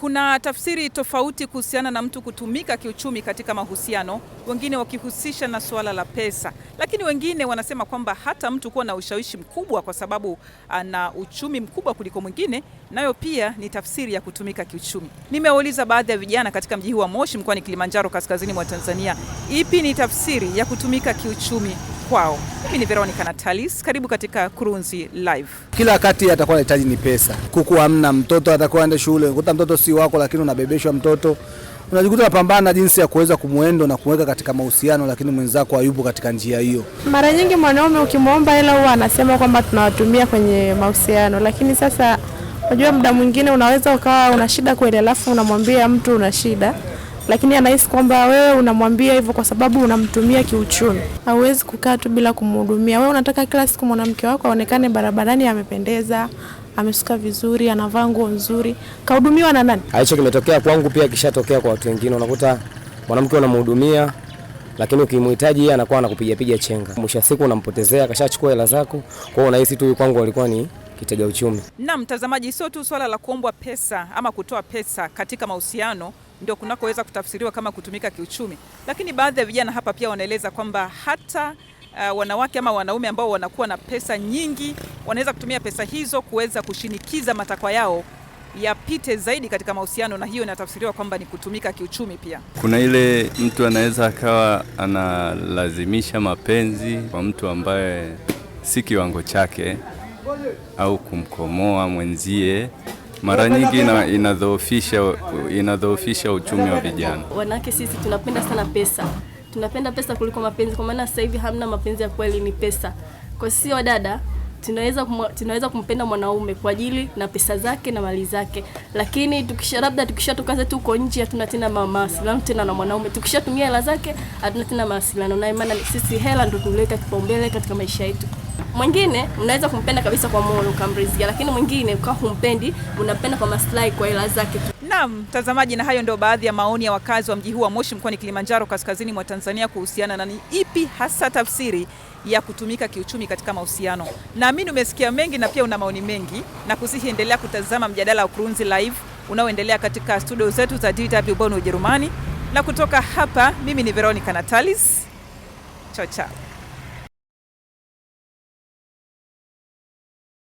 Kuna tafsiri tofauti kuhusiana na mtu kutumika kiuchumi katika mahusiano, wengine wakihusisha na suala la pesa, lakini wengine wanasema kwamba hata mtu kuwa na ushawishi mkubwa kwa sababu ana ah, uchumi mkubwa kuliko mwingine, nayo pia ni tafsiri ya kutumika kiuchumi. Nimewauliza baadhi ya vijana katika mji huu wa Moshi mkoani Kilimanjaro, kaskazini mwa Tanzania, ipi ni tafsiri ya kutumika kiuchumi? kwao. Mimi ni Veronica Natalis, karibu katika Kurunzi Live. Kila wakati atakuwa anahitaji ni pesa, kuku hamna, mtoto atakuwa aende shule, kuta mtoto si wako, lakini unabebeshwa mtoto, unajikuta unapambana jinsi ya kuweza kumwendo na kumweka katika mahusiano, lakini mwenzako hayupo katika njia hiyo. Mara nyingi mwanaume ukimwomba hela huwa anasema kwamba tunawatumia kwenye mahusiano, lakini sasa unajua, muda mwingine unaweza ukawa una shida kweli, alafu unamwambia mtu una shida lakini anahisi kwamba wewe unamwambia hivyo kwa sababu unamtumia kiuchumi. Hauwezi kukaa tu bila kumhudumia. Wewe unataka kila siku mwanamke wako aonekane barabarani amependeza, amesuka vizuri, anavaa nguo nzuri. Kahudumiwa na nani? Hicho kimetokea kwangu, pia kishatokea kwa watu wengine. Unakuta mwanamke unamhudumia lakini ukimhitaji yeye anakuwa anakupigapiga chenga, mwisho siku unampotezea, kashachukua hela zako. Kwa hiyo unahisi tu kwangu alikuwa ni kitega uchumi. Na mtazamaji, sio tu swala la kuombwa pesa ama kutoa pesa katika mahusiano ndio kunakoweza kutafsiriwa kama kutumika kiuchumi. Lakini baadhi ya vijana hapa pia wanaeleza kwamba hata uh, wanawake ama wanaume ambao wanakuwa na pesa nyingi wanaweza kutumia pesa hizo kuweza kushinikiza matakwa yao yapite zaidi katika mahusiano, na hiyo inatafsiriwa kwamba ni kutumika kiuchumi. Pia kuna ile mtu anaweza akawa analazimisha mapenzi kwa mtu ambaye si kiwango chake au kumkomoa mwenzie mara nyingi inadhoofisha inadhoofisha uchumi wa vijana. Wanawake sisi tunapenda sana pesa, tunapenda pesa kuliko mapenzi, kwa maana sasa hivi hamna mapenzi ya kweli, ni pesa. Kwa sisi dada tunaweza tunaweza kumpenda mwanaume kwa ajili na pesa zake na mali zake, lakini tukisha labda tukishatoka zetu huko nje, hatuna tena mawasiliano tena na mwanaume. Tukishatumia hela zake, hatuna tena mawasiliano naye, maana sisi hela ndio tuleta kipaumbele katika maisha yetu. Mwingine unaweza kumpenda kabisa kwa moyo ukamrizia, lakini mwingine ukawa humpendi, unapenda kwa maslahi, kwa hela zake tu. Naam, mtazamaji, na hayo ndio baadhi ya maoni ya wakazi wa mji huu wa Moshi mkoani Kilimanjaro kaskazini mwa Tanzania kuhusiana na ni ipi hasa tafsiri ya kutumika kiuchumi katika mahusiano. Naamini umesikia mengi na pia una maoni mengi, na kusihi endelea kutazama mjadala wa Kurunzi Live unaoendelea katika studio zetu za DW Bonn Ujerumani, na kutoka hapa mimi ni Veronica Natalis Chocha.